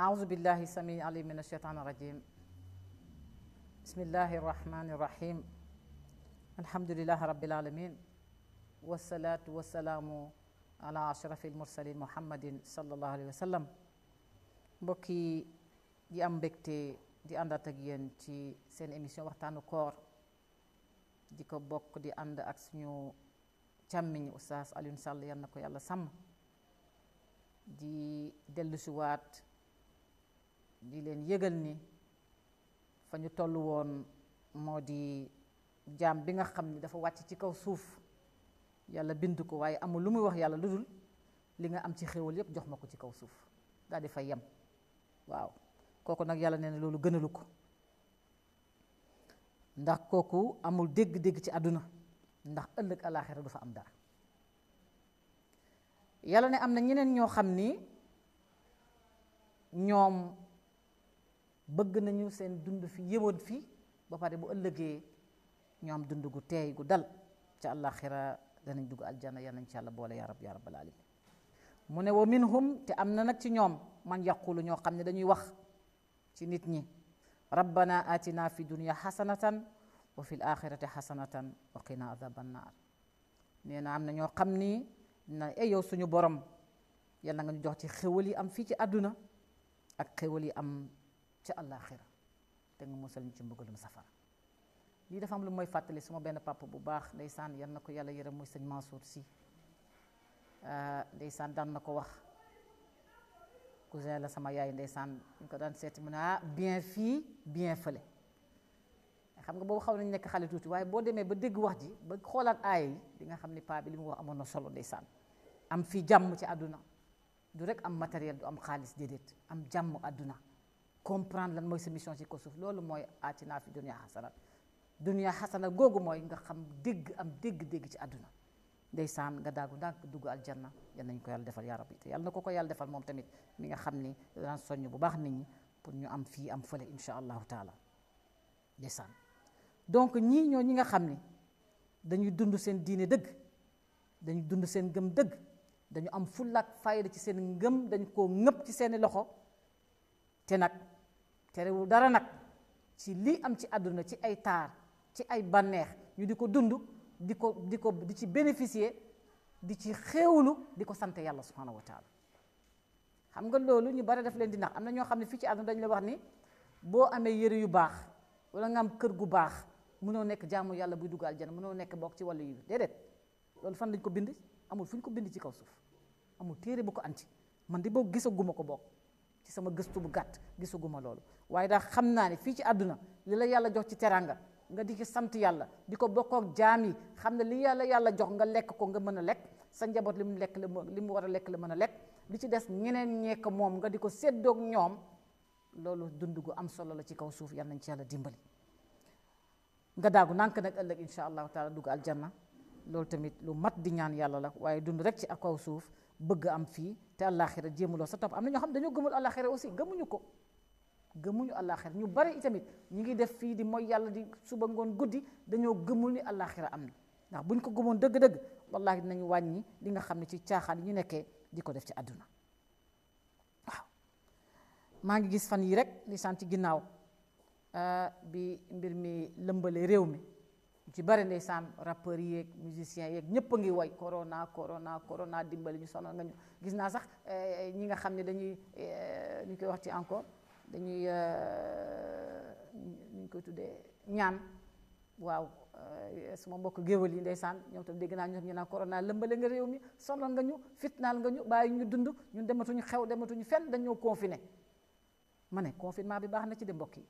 أعوذ بالله سميع علي من الشيطان الرجيم بسم الله الرحمن الرحيم الحمد لله رب العالمين والصلاة والسلام على أشرف المرسلين محمد صلى الله عليه وسلم بكي دي أم بكتي دي أندا تجين تي سين إميشن وقتان كور دي كو بك دي أندا أكسنيو تامين أستاذ علي نسال يالنكو يالله سام دي دلسوات دي di leen yëgal ni fa ñu toll woon moo di jaam bi nga xam ni dafa wàcc ci kaw suuf yàlla bind ko waaye amul lu muy wax yàlla lu dul li nga am ci xéwal yépp jox ma ko ci kaw suuf daal di fa yem waaw kooku nag yàlla ne na loolu gënalu ko ndax kooku amul dégg-dégg ci àdduna ndax ëllëg alaaxira du fa am dara yàlla ne am na ñeneen ñoo xam ni ñoom bëgg nañu seen dund fi yëwoon fii ba pare bu ëllëgee ñu am dund gu teey gu dal ca àllaaxira danañ dugg aljana yal nañ ci yàlla boole yaa rab yaa mu ne wa minhum te am na nag ci ñoom man yaqulu ñoo xam ne dañuy wax ci nit ñi rabbana atina fi dunya xasanatan wa fi l axirati xasanatan wa qina adaba annaar nee na am na ñoo xam ni na e yow suñu borom yàlla nga ñu jox ci xéwal yi am fii ci àdduna ak xéwal yi am ca àllaaxira te nga musal ñu ci mbugalum safara lii dafa am lu mooy fàttali suma benn pàpp bu baax ndeysaan yal na ko yàlla yërëm muy sëñ Mansour si euh, ndeysaan daan na ko wax cousin la sama yaay ndeysaan ñu ko daan seeti mu ne ah bien fii bien fële xam nga boobu xaw nañ nekk xale tuuti waaye boo demee ba dégg wax ji ba xoolaat aaya yi di nga xam ni paa bi li mu wax amoon na solo saan am fii jàmm ci àdduna du rek am matériel du am xaalis déedéet am jàmm àdduna comprendre lan moy sa mission ci ko lolou moy atina fi dunya hasana dunya hasana gogu moy nga xam deg am deg deg ci àdduna ndeysaan nga daagu ndànk dugg aljanna yalla nañ ko yalla defal ya rabbi te yàlla na ko yalla defal mom tamit mi nga xam ni daan soñu bu bax nit ñi pour ñu am fi am fele inshallah taala ndeysaan donc ñi ñoo ñi nga xam ni dañuy dund seen diine deug dañuy dund seen ngëm deug dañu am fulak fayda ci seen ngëm dañ ko ngëpp ci seeni loxo té nak terewul dara nag ci lii am ci àdduna ci ay taar ci ay bànneex ñu di ko dund di ko di ko di ci bénéficier di ci xéewlu di ko sant yàlla subhaanahu wa taala xam nga loolu ñu bari daf leen di nax am na ñoo xam ne fii ci àdduna dañu la wax ni boo amee yére yu baax wala nga am kër gu baax mënoo nekk jaamu yàlla buy dugg aljana mënoo nekk bokk ci wàllu yu déedéet loolu fan dañ ko bind amul fu ñu ko bind ci kaw suuf amul téere bu ko anti man di boo gisaguma ko bokk ci sama gëstu bu gàtt gisuguma loolu waaye daal xam naa ne fii ci àdduna li la yàlla jox ci teranga nga di ci sant yàlla di ko bokkook jaam yi xam ne li yàlla yàlla jox nga lekk ko nga mën a lekk sa njaboot li mu lekk la li mu war a lekk la mën a lekk li ci des ñeneen ñekk moom nga di ko séddoog ñoom loolu dund gu am solo la ci kaw suuf yal nañ ci yàlla dimbali nga daagu nànk nag ëllëg incha allahu taala dugg mat di ñaan yàlla la waaye dund rek ci kaw suuf bëgg am fii te àllaaxira jéemuloo sa topp am na ñoo xam dañoo gëmul àllaaxira aussi gëmuñu ko gëmuñu àllaaxira ñu bari itamit ñu ngi def fii di mooy yàlla di suba ngoon guddi dañoo gëmul ni àllaaxira am na ndax buñ ko gëmoon dëgg-dëgg wallaahi dinañu wàññi li nga xam ne ci caaxaan ñu nekkee di ko def ci àdduna waaw maa ngi gis fan yi rek li sant ci ginnaaw ah, bi mbir mi lëmbalee réew mi ci bari ndeysaan rappeurs yi yeeg musiciens yeeg ñëpp ngi woy corona corona corona dimbali ñu sonal nga ñu gis naa sax eh, eh, ñi nga xam ne dañuy eh, ñu koy wax ci encore dañuy euh, ñu koy tuddee ñaan waaw euh, suma mbokk géwél yi saan ñoom tam dégg naa ñoom ñu naa corona lëmbale nga réew mi sonal nga ñu fitnaal nga ñu bàyyi ñu dund ñu dematuñu xew dematuñu fenn dañoo confiné ma ne confinement bi baax na ci de mbokk yi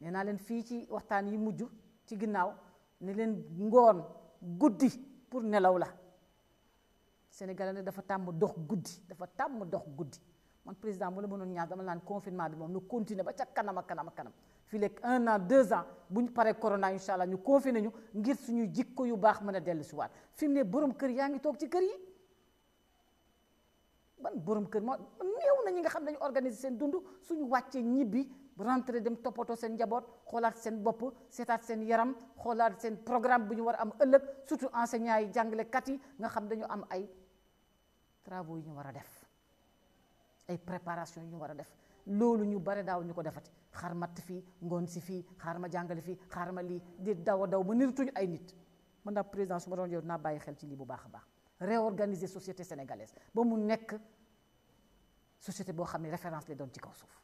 nee naa leen fii ci waxtaan yi mujj ci ginnaaw ne leen ngoon guddi pour nelaw la Sénégalais ne dafa tàmm dox guddi dafa tàmm dox guddi man président bu la mënoon ñaar dama laan confinement bi moom nu continuer ba ca kanam a kanam a kanam fii léegi un an deux ans bu ñu paree corona incha allah ñu confiné ñu ngir suñu jikko yu baax mën a dellu si waat fi mu ne borom kër yaa ngi toog ci kër yi ban borom kër moo néew na ñi nga xam ne dañu organiser seen dund suñu wàccee ñibbi rentré dem toppatoo seen njaboot xoolaat seen bopp seetaat seen yaram xoolaat seen programme bu ñu war a am ëllëg surtout enseignants yi jàngalekat yi nga xam dañu am ay travaux yu ñu war a def ay préparation yu ñu war a def loolu ñu bare daaw ñu ko defati xaar matt fii ngoon si fii xaar ma jàngale fii xaar ma lii di daw a daw ba nirtuñu ay nit man daal président su ma doon yow naa bàyyi xel ci lii bu baax a baax réorganiser société sénégalaise ba mu nekk société boo xam ne référence doon ci kaw suuf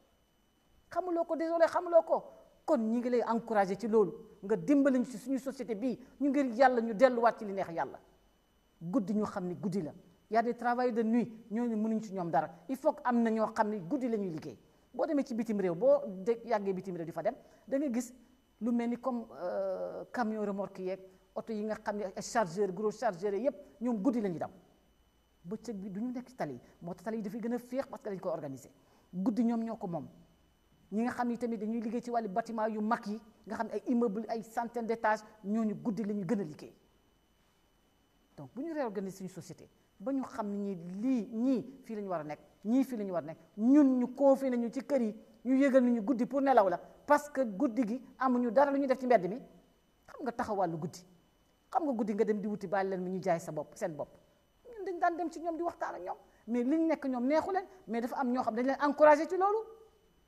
xamuloo ko désolé xamuloo ko kon ñi ngi lay encouragé ci loolu nga dimbali ñu ci suñu société bii ñu ngir yàlla ñu delluwaat ci li neex yàlla guddi ñu xam ne guddi la y a des travailleurs de nuit mënuñ ci ñoom dara il faut que am na ñoo xam ne guddi la ñuy liggéey boo demee ci bitim réew boo de yàggee bitim réew di fa dem da gis lu mel ni comme euh, camion remorque yeeg oto yi nga xam ni chargeur gros chargeur yépp ñoom guddi la ñuy daw bëccëg bi du ñu nekk ci tali yi moo tax tali yi dafay gën a féex parce que dañ ko organiser guddi ñoom ñoo ko moom ñi nga xam ni tamit dañuy liggéey ci wàllu bâtiment yu mag yi nga xam ne ay immeuble ay centaine d'étages ñooñu guddi la ñu gën a liggéey donc bu ñu réorganiser suñu société ba ñu xam ni lii ñii fii la war a nekk ñii fii la ñu war a nekk ñun ñu confiné nañu ci kër yi ñu yëgal ni ñu guddi pour nelaw la parce que guddi gi amuñu dara lu ñu def ci mbedd mi xam nga taxaw wàllu guddi xam nga guddi nga dem di wuti bàyyi leen mi ñu jaay sa bopp seen bopp dañ daan dem ci ñoom di waxtaan ak ñoom mais liñ nekk ñoom neexu leen mais dafa ñoo xam dañ leen encouragé ci loolu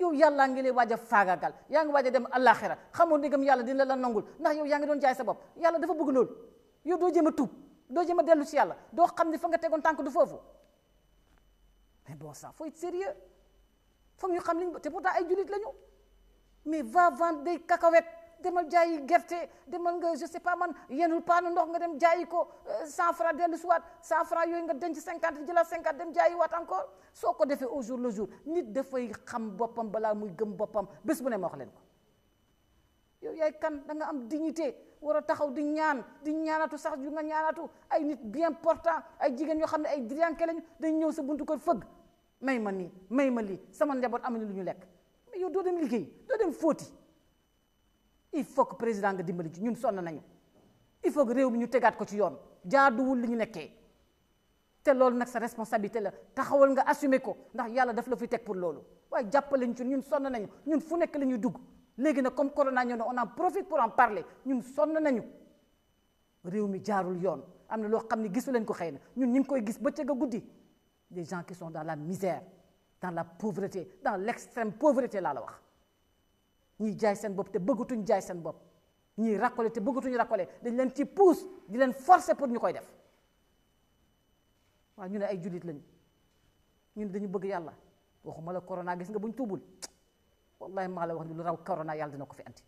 yow yàllaa ngi lay waaj a faagaagal yaa ngi waaj a dem àllaaxira xamoon ndigam yàlla dina la nangul ndax yow yaa ngi doon jaay sa bopp yàlla dafa bëgg loolu yow doo jéem a tuub doo jéem a dellu si yàlla doo xam ne fa nga tegoon tànk du foofu mais bon ça faut être sérieux foog ñu xam liñ te pourtant ay jullit lañu mais va vendre des cacahuètes demal jaayi gerte demal nga je sais pas man yenul paanu ndox nga dem jaayi ko cent euh, franc dellu si waat cent franc yooyu nga denc cinquante jëlaat cinquante dem jaayi wat encore soo ko defee au jour le jour nit dafay xam boppam balaa muy gëm boppam bés bu ne ma wax leen ko yow yaay kan da nga am dignité war a taxaw di ñaan di ñaanatu sax yu nga ñaanatu ay nit bien portant ay jigéen yo xam ne ay drianke lañu dañ ñëw sa buntu kër fëgg may ma nii may ma lii sama njaboot amuñu lu ñu lekk mais yow doo dem liggéey doo dem fóoti il faut que le président nga dimbali Nous, ñun sonn il faut que nous nous ñu tegaat ko ci yoon jaaduwul li ñu Nous Nous sa responsabilité la taxawal nga assumer Nous ndax yàlla daf la fi nous pour loolu nous jàppale ñu ñun Nous, nous ñun fu Nous, nous dugg corona on en profite pour en parler nous sommes nous. ne sommes ko nous. koy gis nous des gens qui sont dans la misère dans la pauvreté dans l'extrême pauvreté la ñuy jaay seen bopp te bëggatuñ jaay seen bopp ñuy rakkole te bëggatuñ rakolé dañ leen ci pousse di leen forcer pour ñu koy def waaw ñu ne ay julit lañ ñu dañu bëgg yàlla waxuma la corona gis nga buñ tuubul wallahi maa la wax ni lu raw corona yàlla dina ko fi anti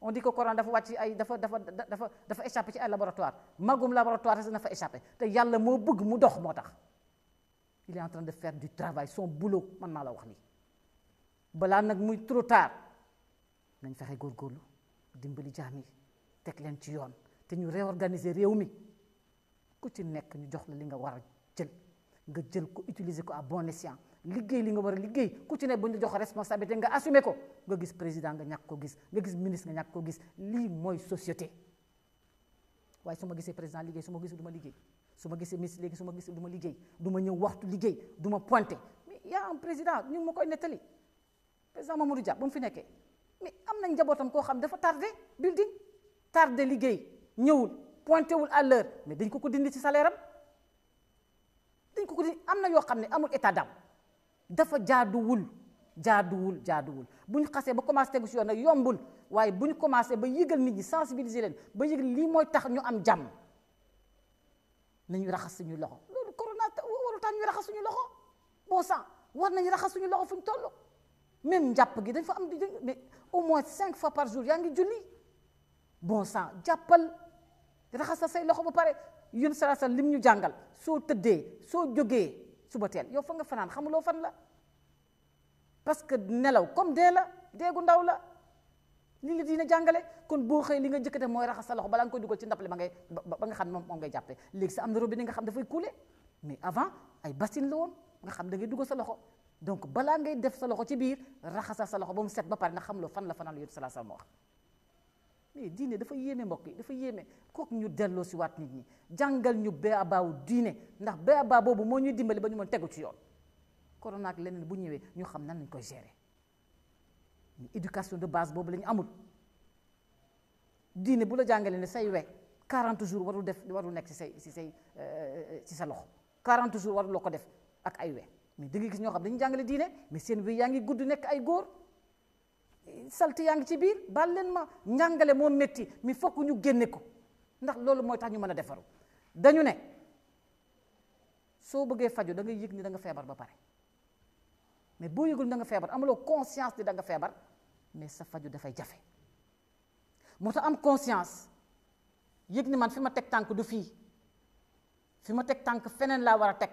on dit que corona dafa wàcc ay dafa dafa dafa dafa échappé ci ay laboratoire magum laboratoire dafa échappé te yàlla moo bëgg mu dox moo tax il est en train de faire du travail son boulot man maa la wax ni balaa nag muy trop tard nañ fexe góorgóorlu dimbali jaam yi teg leen ci yoon te ñu réorganiser réew mi ku ci nekk ñu jox la li nga war a jël nga jël ko utiliser ko à bon escient liggéey li nga war a liggéey ku ci ne bu ñu jox responsabilité nga assumer ko nga gis président nga ñàkk ko gis gis ministre nga ñàkk gis lii mooy société waaye su ma gisee président liggéey su ma gisee du ma liggéey su ma gisee ministre léegi su ma gisee du ma liggéey du ma ñëw waxtu liggéey du ma pointé mais président ñu ma koy nettali président Mamadou Dia ba mu fi nekkee mais am nañ njabootam koo xam dafa tardé building tardé liggéey ñëwul pointé wul à l'heure mais dañ ko ko dindi ci salaire am dañ ko ko dindi am na yoo xam ne amul état d'âme dafa jaaduwul jaaduwul jaaduwul bu ñu xasee ba commencé tegu si yoon nag yombul waaye bu ñu commencé ba yëgal nit ñi sensibiliser leen ba yëgal lii mooy tax ñu am jàmm nañu raxas suñu loxo loolu corona waru tax ñu raxas suñu loxo bon sang war nañu raxas suñu loxo fu ñu toll même njàpp gi dañ fa am mais au moins cinq fois par jour yaa ngi julli bon sang jàppal raxasal say loxo ba pare yun salasa lim ñu jàngal soo tëddee soo jógee suba teel yow fa nga fanaan xamuloo fan la parce que nelaw comme dee la dee gu daw la li la dina jàngale kon boo xëy li nga njëkk a def mooy raxas sa loxo balaa nga koy dugal ci ndap li ba nga xam moom jàppee léegi sa am na robinet nga xam dafay couler mais avant ay bassines la woon nga xam da ngay dugal sa loxo donc balaa ngay def sa loxo ci biir raxasa sa loxo ba mu set ba pare na xam lo fan la fanal fanaan la yóbbu salaa wax mais diine dafa yéeme mbokk yi dafa yéeme kooku ñu delloo si waat nit ñi jàngal ñu bee abaawu diine ndax bee abaa boobu moo ñuy dimbali ba ñu mën tegu ci yoon corona ak leneen bu ñëwee ñu xam nan lañ ko gérer éducation de base boobu lañ amul diine bu la jàngale ne say we 40 jours warul def warul nekk si say si say ci sa loxo 40 jours warul la ko def ak ay we mais da ngay gis ñoo xam dañu jàngale diine mais seen wéy yaa ngi gudd nekk ay góor salté yaa ngi ci biir baal leen ma njàngale moo métti mi fokk ñu génne ko ndax loolu mooy tax ñu mën a defaru dañu ne soo bëggee faju da ngay yëg ni danga feebar ba pare mais boo yëgul ni nga feebar amuloo conscience ni da nga feebar mais sa faju dafay jafe moo tax am conscience yëg ni man fi ma teg tànk du fii fi ma teg tànk feneen laa war a teg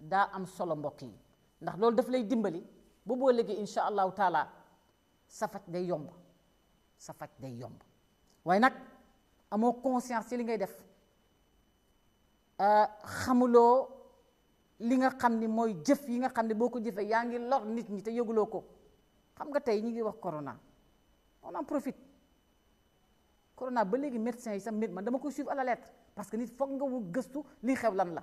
daa am solo mbokk yi ndax loolu daf lay dimbali bu boo léegi incha allahu taala sa faj day yomb sa faj day yomb waaye nag amoo conscience ci li ngay def euh, xamuloo li nga xam ni mooy jëf yi nga xam ne boo ko jëfee yaa ngi lor nit ñi te yëguloo ko xam nga tey ñi ngi wax corona on en profite corona ba léegi médecin yi sax man dama ko suivre à la lettre parce que nit foog nga wu gëstu lii xew lan la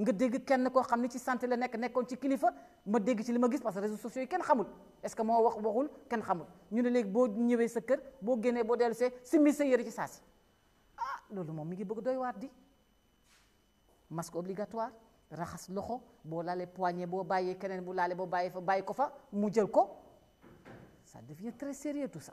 nga dégg kenn koo ne ci santé la nekk nekkoon ci kilifa ma ci gis parce que réseaux sociaux yi kenn xamul est-ce que moo wax waxul xamul ñu ne léegi boo ñëwee sa kër boo ci ah loolu moom mi ngi bëgg doy di masque obligatoire raxas loxo boo poignée bu fa ça devient très sérieux tout ça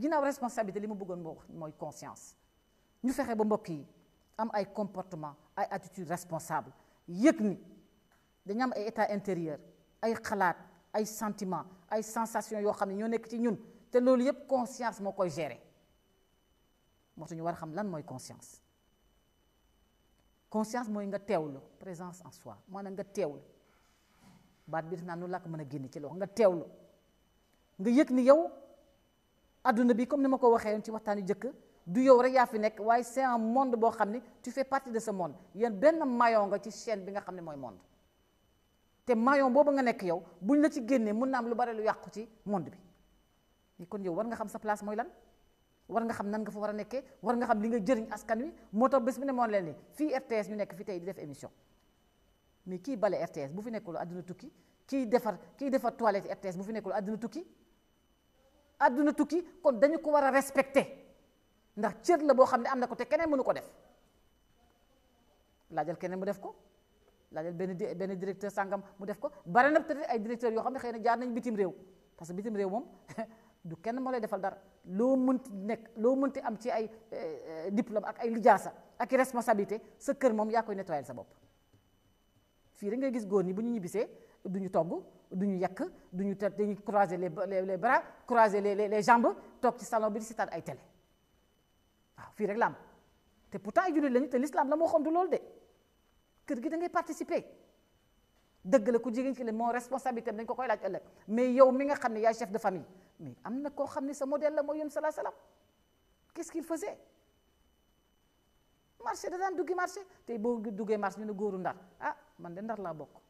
ginnaaw responsabilité li mu bëggoon moo wax mooy conscience ñu fexe ba mbokk yi am ay comportement ay attitude responsable yëg ni dañu am ay état intérieur ay xalaat ay sentiment ay sensation yoo xam ne ñoo nekk ci ñun te loolu yëpp conscience moo koy gérer moo tax ñu war a xam lan mooy conscience conscience mooy nga teewlu présence en soi maanaam nga teewlu baat bi def naa nu laa ko mën a ci loxo nga teewlu nga yëg yow aduna bi comme ni ma ko waxee ci waxtani jëkk du yow rek ya fi nek waaye c'est un monde bo xamni tu fais partie de ce monde yeen ben maillon nga ci chaîne bi nga xamni moy monde te maillon bobu nga nek yow buñ la ci génnee mun na am lu bare lu yàqu ci monde bi ni kon yow war nga xam sa place moy lan war nga xam nan nga fa wara a war nga xam li nga jëriñ askan wi moto tax bi ne mo len ni fi RTS ñu nek fi tay di def émission mais ki bale RTS bu fi nekkul aduna tukki ki defar ki defar toilette RTS bu fi nekkul aduna tukki àdduna tukki kon dañu ko war a respecté ndax cër la boo xam ne am na ko te keneen mënu ko def laajal keneen mu def ko laajal benn benn directeur sàngam mu def ko bare na te être ay directeurs yoo xam ne xëy na jaar nañ bitim réew parce que bitim réew moom du kenn moo lay defal dara loo mënti nekk loo mënti am ci ay euh, euh, diplôme ak ay lijaasa ak i responsabilité sa kër moom yaa koy nettoyal sa bopp fii rek ngay gis góor ñi bu ñu ñibbisee du ñu togg duñu yak duñu te dañuy croiser les les bras croiser les les jambes tok ci salon bi ci seetaan ay télé waaw fi rek lam té pourtant ay jullit lañu l'islam la mo xam du lol de kër gi da ngay participer deug la ku jigéen ci le mo responsabilité dañ ko koy laaj ëlëk mais yow mi nga xamné ya chef de famille mais amna ko xamné sa modèle la mooy yónni alayhi wasallam qu'est-ce qu'il faisait marché da daan duggi marché te boo duggee marché ñu ne ndar ah man de ndar la bokk.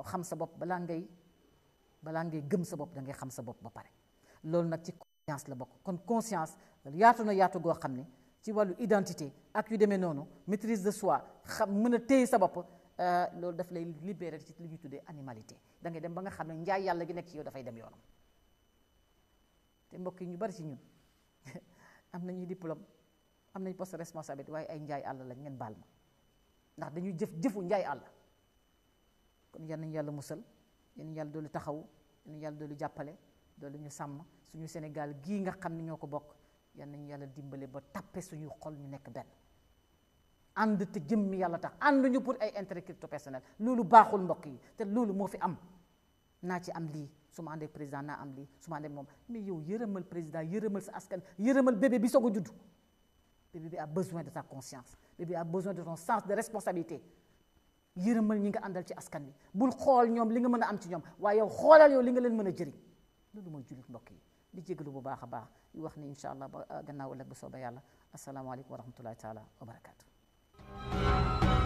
xam sa bopp balaa ngay balaa ngay gëm sa bopp da ngay xam sa bopp ba pare loolu nag ci conscience la bokk kon conscience yaatu na yaatu goo xam ne ci wàllu identité ak yu demee noonu maîtrise de soi xam mën a téye sa bopp euh, loolu daf lay libérer ci li ñuy tuddee animalité da ngay dem ba nga xam ne njaay yàlla gi nekk ci yow dafay dem yoonam te mbokk yi ñu bari ci ñun am nañu diplôme am nañu poste responsabilité waaye ay njaay àll lañ ngeen baal ma ndax dañuy jëf jëfu njaay àll kon yal nañu yàlla musal yal nañu yàlla doolu taxawu yal nañu yàlla doolu jàppale doolu ñu sàmm suñu Sénégal gii nga xam ne ñoo ko bokk yal nañu yàlla dimbale ba tappe suñu xol ñu nekk benn ànd te mi yàlla tax ànd ñu pour ay intérêt crypto personnel loolu baaxul mbokk yi te loolu moo fi am naa ci am lii su ma àndee président naa am lii su ma àndee moom mais yow yërëmal président yërëmal sa askan yërëmal bébé bi soog a judd bébé bi a besoin de ta conscience bébé a besoin de ton sens de responsabilité yërëmal ñi nga àndal ci askan wi bul xool ñoom li nga mën a am ci ñoom waaye yow xoolal yow li nga leen mën a jëriñ loolu mooy jullit mbokk yi di jégalu bu baax a baax wax ni incha allah ba gannaaw ëllëg bu soobee yàlla asalaamaaleykum wa rahmatullahi taala wa barakaatu.